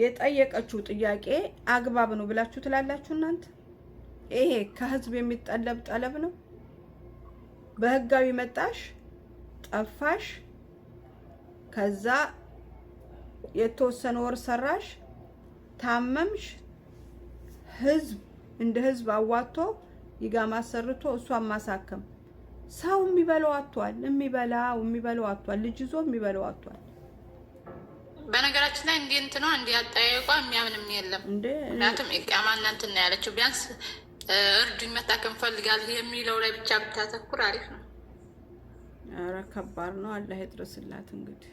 የጠየቀችው ጥያቄ አግባብ ነው ብላችሁ ትላላችሁ እናንተ? ይሄ ከህዝብ የሚጠለብ ጠለብ ነው። በህጋዊ መጣሽ፣ ጠፋሽ፣ ከዛ የተወሰነ ወር ሰራሽ፣ ታመምሽ፣ ህዝብ እንደ ህዝብ አዋጥቶ ይጋማ ሰርቶ እሷን ማሳከም ሰው የሚበለው አቷል፣ የሚበላው የሚበለው አቷል፣ ልጅ ይዞ የሚበለው አቷል። በነገራችን ላይ እንዲህ እንትኗ እንዲህ አጠያየቋ የሚያምንም የለም። ምክንያቱም ኢቃማ እናንትና ያለችው ቢያንስ እርዱኝ መታከም ፈልጋለሁ የሚለው ላይ ብቻ ብታተኩር አሪፍ ነው። ኧረ ከባድ ነው። አላህ ይድረስላት። እንግዲህ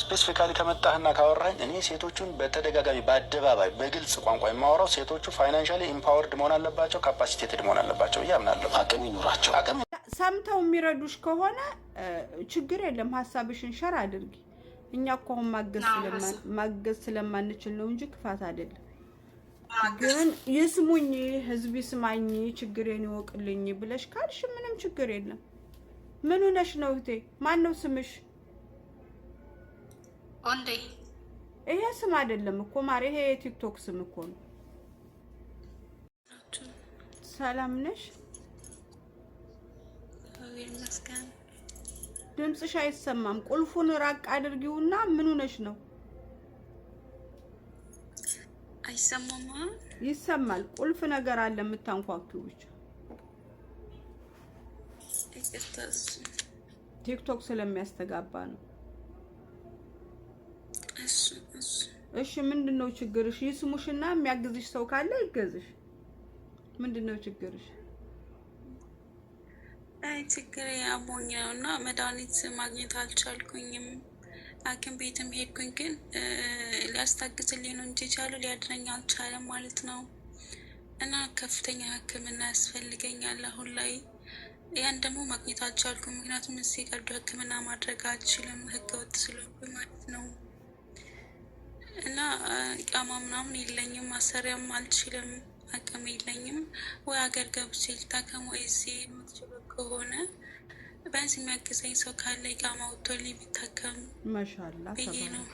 ስፔሲፊካሊ ከመጣህና ካወራኝ እኔ ሴቶቹን በተደጋጋሚ በአደባባይ በግልጽ ቋንቋ የማወራው ሴቶቹ ፋይናንሻሊ ኢምፓወርድ መሆን አለባቸው፣ ካፓሲቴትድ መሆን አለባቸው እያምናለሁ። አቅም ይኑራቸው። ሰምተው የሚረዱሽ ከሆነ ችግር የለም። ሀሳብሽን ሸር አድርጊ። እኛ እኮ አሁን ማገዝ ስለማንችል ነው እንጂ ክፋት አይደለም። ግን ይስሙኝ፣ ህዝብ ይስማኝ፣ ችግሬን ይወቅልኝ ብለሽ ካልሽ ምንም ችግር የለም። ምን ሆነሽ ነው እህቴ? ማን ነው ስምሽ? ይሄ ስም አይደለም እኮ ማር፣ ይሄ የቲክቶክ ስም እኮ ነው። ሰላም ነሽ? ድምፅሽ አይሰማም። ቁልፉን ራቅ አድርጊውና ምን ሆነሽ ነው? አይሰማማ? ይሰማል። ቁልፍ ነገር አለ የምታንኳኩው ብቻ። ቲክቶክ ስለሚያስተጋባ ነው። እሺ ምንድን ነው ችግርሽ? ይስሙሽና የሚያግዝሽ ሰው ካለ ይገዝሽ። ምንድን ነው ችግርሽ? አይ ችግር አሞኝ ነው እና መድኃኒት ማግኘት አልቻልኩኝም። ሐኪም ቤትም ሄድኩኝ፣ ግን ሊያስታግዝልኝ ነው እንጂ ቻሉ ሊያድረኝ አልቻለም ማለት ነው። እና ከፍተኛ ሕክምና ያስፈልገኛል አሁን ላይ ያን ደግሞ ማግኘት አልቻልኩም። ምክንያቱም እዚህ ቀዶ ሕክምና ማድረግ አልችልም ህገወጥ ስለሆንኩኝ ማለት ነው። እና ቃማ ምናምን የለኝም፣ ማሰሪያም አልችልም፣ አቅም የለኝም። ወይ ሀገር ገብቼ ልታከም ወይ እዚህ ከሆነ በዚህ የሚያግዘኝ ሰው ካለ ጋማ ወጥቶልኝ የሚታከም መሻላ ብዬ ነው።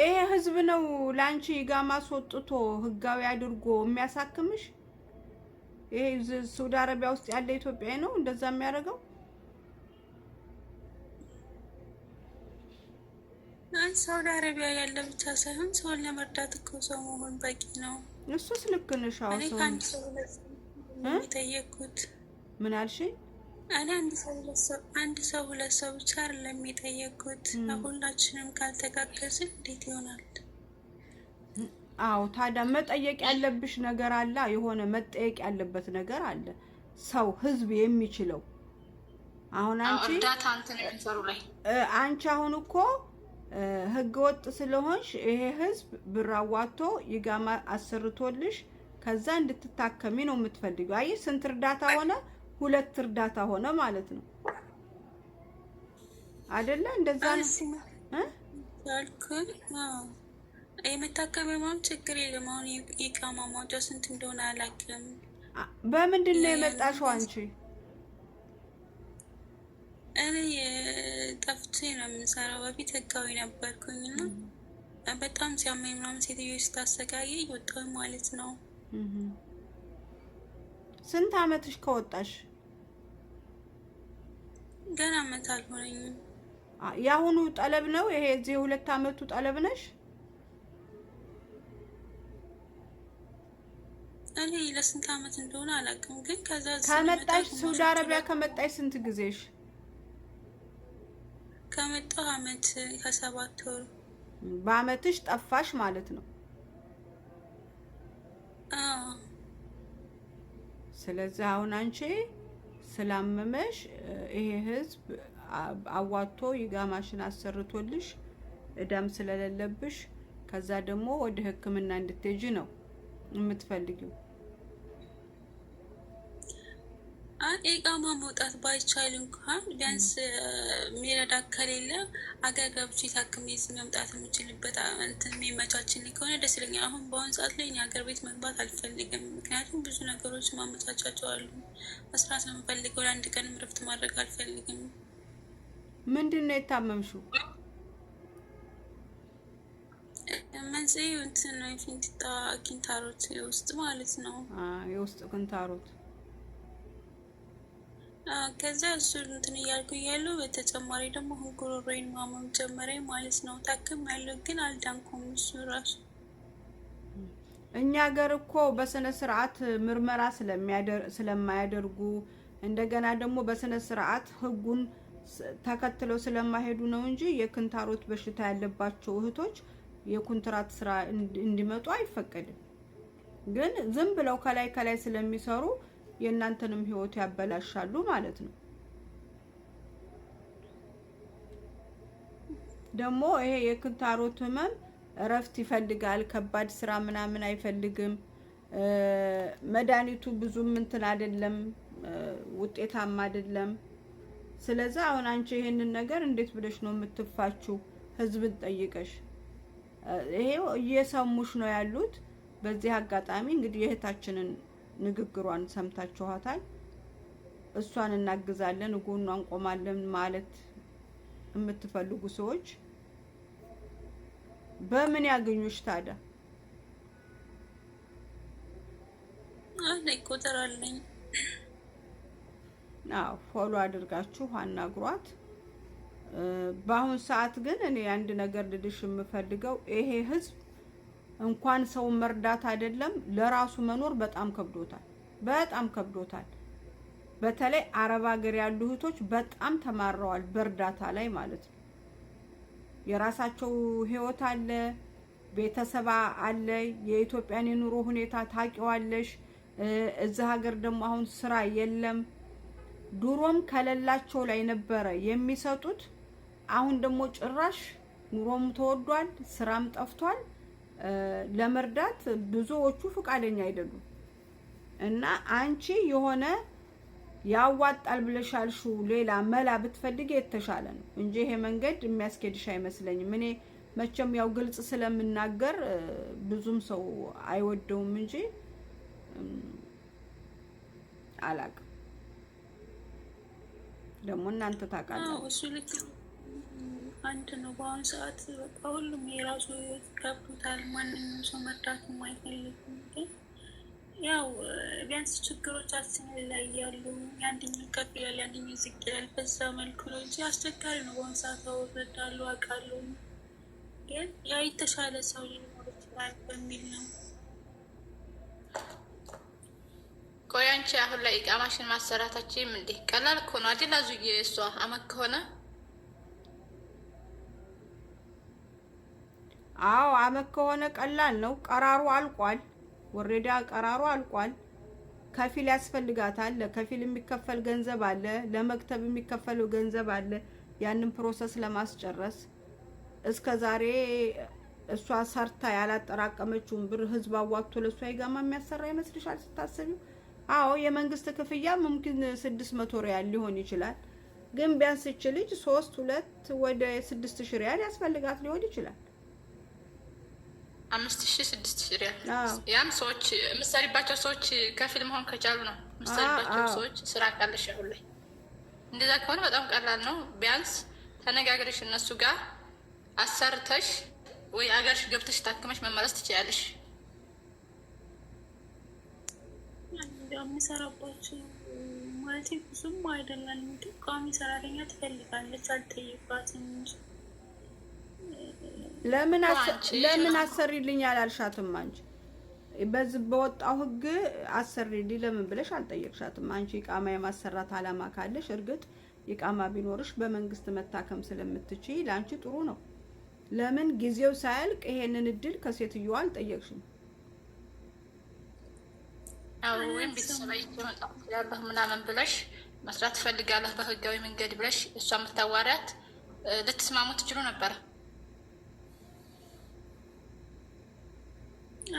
ይሄ ህዝብ ነው ለአንቺ ጋማ አስወጥቶ ህጋዊ አድርጎ የሚያሳክምሽ። ይሄ ሳውዲ አረቢያ ውስጥ ያለ ኢትዮጵያዊ ነው እንደዛ የሚያደርገው። ሳውዲ አረቢያ ያለ ብቻ ሳይሆን ሰውን ለመርዳት እኮ ሰው መሆን በቂ ነው። እሱስ ልክ ነሽ። ሰው የሚጠየቁት ምን አልሽኝ? አለ አንድ ሰው ሁለት ሰው ብቻ አይደለም የሚጠየቁት። ሁላችንም ካልተጋገዝን እንዴት ይሆናል? አዎ ታዲያ መጠየቅ ያለብሽ ነገር አለ። የሆነ መጠየቅ ያለበት ነገር አለ። ሰው ህዝብ የሚችለው አሁን አንቺ አንቺ አሁን እኮ ህገ ወጥ ስለሆንሽ ይሄ ህዝብ ብር አዋጥቶ ይጋማ አሰርቶልሽ ከዛ እንድትታከሚ ነው የምትፈልጊው። አይ ስንት እርዳታ ሆነ? ሁለት እርዳታ ሆነ ማለት ነው አይደለ? እንደዛ ነው። የመታከሚያ ማም ችግር የለም። አሁን የቃማ ማውጫ ስንት እንደሆነ አላውቅም። በምንድን ነው የመጣሽው አንቺ? እኔ ጠፍቼ ነው የምንሰራው። በፊት ህጋዊ ነበርኩኝና በጣም ሲያመኝ ምናምን ሴትዮ ስታሰቃየ ወጣሁ ማለት ነው። ስንት አመትሽ ከወጣሽ? ገና አመት አልሆነኝም። የአሁኑ ጠለብ ነው ይሄ እዚህ የሁለት አመቱ ጠለብ ነሽ? እኔ ለስንት አመት እንደሆነ አላውቅም፣ ግን ከዛ ከመጣሽ ሳውዲ አረቢያ ከመጣሽ ስንት ጊዜሽ? ከመጣሁ አመት ከሰባት ወር። በአመትሽ ጠፋሽ ማለት ነው። ስለዚህ አሁን አንቺ ስላመመሽ ይሄ ህዝብ አዋጥቶ ይጋማሽን አሰርቶልሽ እዳም ስለሌለብሽ ከዛ ደግሞ ወደ ህክምና እንድትሄጂ ነው የምትፈልጊው። ኢቃማ መውጣት ባይቻል እንኳን ቢያንስ ሚረዳ ከሌለ አገር ገብቼ ታክሜ መምጣት የምችልበት እንትን የሚመቻችልኝ ከሆነ ደስ ይለኛል። አሁን በአሁን ሰዓት ላይ ሀገር ቤት መግባት አልፈልግም። ምክንያቱም ብዙ ነገሮች ማመቻቻቸው አሉ። መስራት ነው የምፈልገው። ለአንድ ቀንም እረፍት ማድረግ አልፈልግም። ምንድን ነው የታመምሽው? መንስኤ እንትን ነው ኪንታሮት የውስጥ ማለት ነው የውስጥ ኪንታሮት ከዛ እሱ እንትን እያልኩ እያለሁ በተጨማሪ ደግሞ አሁን ጉሮሮዬን ማመም ጀመረ ማለት ነው። ታክም ያለው ግን አልዳንኩም። እሱ ራሱ እኛ ሀገር እኮ በስነ ስርዓት ምርመራ ስለማያደርጉ እንደገና ደግሞ በስነ ስርዓት ህጉን ተከትለው ስለማሄዱ ነው እንጂ የክንታሮት በሽታ ያለባቸው እህቶች የኮንትራት ስራ እንዲመጡ አይፈቀድም። ግን ዝም ብለው ከላይ ከላይ ስለሚሰሩ የእናንተንም ህይወት ያበላሻሉ ማለት ነው። ደግሞ ይሄ የክንታሮት ህመም እረፍት ይፈልጋል። ከባድ ስራ ምናምን አይፈልግም። መድኃኒቱ ብዙም እንትን አይደለም፣ ውጤታማ አይደለም። ስለዚህ አሁን አንቺ ይሄንን ነገር እንዴት ብለሽ ነው የምትፋችው? ህዝብን ጠይቀሽ ይሄ እየሰሙሽ ነው ያሉት። በዚህ አጋጣሚ እንግዲህ የእህታችንን ንግግሯን ሰምታችኋታል። እሷን እናግዛለን፣ ጎኗ እንቆማለን ማለት የምትፈልጉ ሰዎች በምን ያገኙሽ ታዲያ? ቁጥር ፎሎ አድርጋችሁ አናግሯት። በአሁን ሰዓት ግን እኔ አንድ ነገር ልልሽ የምፈልገው ይሄ ህዝብ እንኳን ሰው መርዳት አይደለም ለራሱ መኖር በጣም ከብዶታል፣ በጣም ከብዶታል። በተለይ አረብ ሀገር ያሉ እህቶች በጣም ተማረዋል፣ በእርዳታ ላይ ማለት ነው። የራሳቸው ህይወት አለ፣ ቤተሰብ አለ፣ የኢትዮጵያን የኑሮ ሁኔታ ታውቂዋለሽ። እዚ ሀገር ደግሞ አሁን ስራ የለም። ድሮም ከሌላቸው ላይ ነበረ የሚሰጡት። አሁን ደግሞ ጭራሽ ኑሮም ተወዷል፣ ስራም ጠፍቷል። ለመርዳት ብዙዎቹ ፈቃደኛ አይደሉም። እና አንቺ የሆነ ያዋጣል ብለሽ ያልሽው ሌላ መላ ብትፈልግ የተሻለ ነው እንጂ ይሄ መንገድ የሚያስኬድሽ አይመስለኝም። እኔ መቼም ያው ግልጽ ስለምናገር ብዙም ሰው አይወደውም እንጂ አላቅም። ደግሞ እናንተ ታውቃላችሁ። አንድ ነው። በአሁኑ ሰዓት በቃ ሁሉም የራሱ ህይወት ገብቶታል። ማንኛውም ሰው መርዳት አይፈልግም። ግን ያው ቢያንስ ችግሮቻችን ላይ ያሉ የአንደኛው ከፍ ይላል፣ የአንደኛው ዝቅ ይላል። በዛ መልኩ ነው እንጂ አስቸጋሪ ነው። በአሁኑ ሰዓት አወረዳለሁ አውቃለሁ፣ ግን ያው የተሻለ ሰው ሊኖር ይችላል በሚል ነው። ቆይ አንቺ አሁን ላይ እቃማሽን ማሰራታችን እንዴ ቀላል ከሆነ አይደል? አዙዬ እሷ አመት ከሆነ አዎ አመት ከሆነ ቀላል ነው። ቀራሩ አልቋል። ወሬዳ ቀራሩ አልቋል። ከፊል ያስፈልጋታል። ከፊል የሚከፈል ገንዘብ አለ፣ ለመክተብ የሚከፈለው ገንዘብ አለ። ያንን ፕሮሰስ ለማስጨረስ እስከ ዛሬ እሷ ሰርታ ያላጠራቀመችውን ብር ህዝብ አዋጥቶ ለእሷ ይጋማ የሚያሰራ ይመስልሻል ስታስቢው? አዎ የመንግስት ክፍያ ሙምኪን ስድስት መቶ ሪያል ሊሆን ይችላል። ግን ቢያንስ ይች ልጅ ሶስት ሁለት ወደ ስድስት ሺ ሪያል ያስፈልጋት ሊሆን ይችላል። አምስት ሺ ስድስት ሺ ሪያል ያም ሰዎች የምትሰሪባቸው ሰዎች ከፊል መሆን ከቻሉ ነው ምሳሌባቸው ሰዎች ስራ ካለሽ አሁን ላይ እንደዛ ከሆነ በጣም ቀላል ነው። ቢያንስ ተነጋግረሽ እነሱ ጋር አሰርተሽ ወይ አገርሽ ገብተሽ ታክመሽ መመለስ ትችያለሽ። የሚሰራባቸው ማለት ብዙም አይደለም። ቋሚ ሰራተኛ ትፈልጋለች አልጠይቃትም እንጂ ለምን አሰሪልኝ አላልሻትም? አንቺ በዚህ በወጣው ህግ አሰሪልኝ ለምን ብለሽ አልጠየቅሻትም? አንቺ ቃማ የማሰራት አላማ ካለሽ እርግጥ ኢቃማ ቢኖርሽ በመንግስት መታከም ስለምትችይ ለአንቺ ጥሩ ነው። ለምን ጊዜው ሳያልቅ ይሄንን እድል ከሴትዮዋ አልጠየቅሽም? ወይም ምናምን ብለሽ መስራት ትፈልጋለህ በህጋዊ መንገድ ብለሽ እሷ የምታዋሪያት ልትስማሙ ትችሉ ነበረ።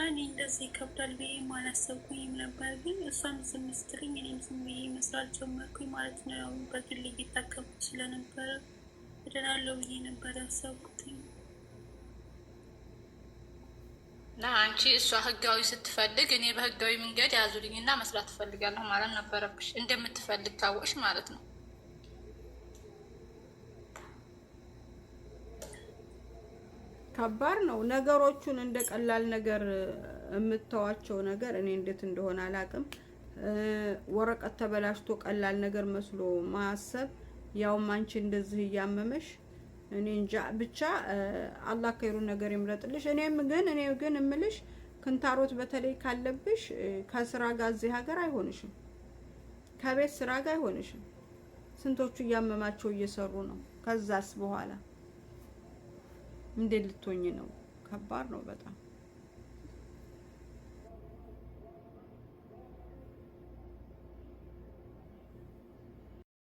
እኔ እንደዚህ ይከብዳል ብዬ አላሰብኩኝም ነበር፣ ግን እሷም ዝም ስትለኝ እኔም ዝም ብዬ መስራት ጀመርኩኝ ማለት ነው። ያው በግል እየታከምኩ ስለነበረ እድናለሁ ብዬ ነበር ያሰብኩትኝ። እና አንቺ እሷ ህጋዊ ስትፈልግ እኔ በህጋዊ መንገድ ያዙልኝ እና መስራት ትፈልጋለሁ ማለት ነበረብሽ፣ እንደምትፈልግ ታወቅሽ ማለት ነው። ከባድ ነው። ነገሮቹን እንደ ቀላል ነገር የምታዋቸው ነገር እኔ እንዴት እንደሆነ አላቅም። ወረቀት ተበላሽቶ ቀላል ነገር መስሎ ማሰብ ያውም አንቺ እንደዚህ እያመመሽ እኔ እንጃ ብቻ አላህ ከይሩን ነገር ይምረጥልሽ። እኔም ግን እኔ ግን እምልሽ ክንታሮት በተለይ ካለብሽ ከስራ ጋር እዚህ ሀገር አይሆንሽም፣ ከቤት ስራ ጋር አይሆንሽም። ስንቶቹ እያመማቸው እየሰሩ ነው። ከዛስ በኋላ እንዴት ልትሆኝ ነው? ከባድ ነው በጣም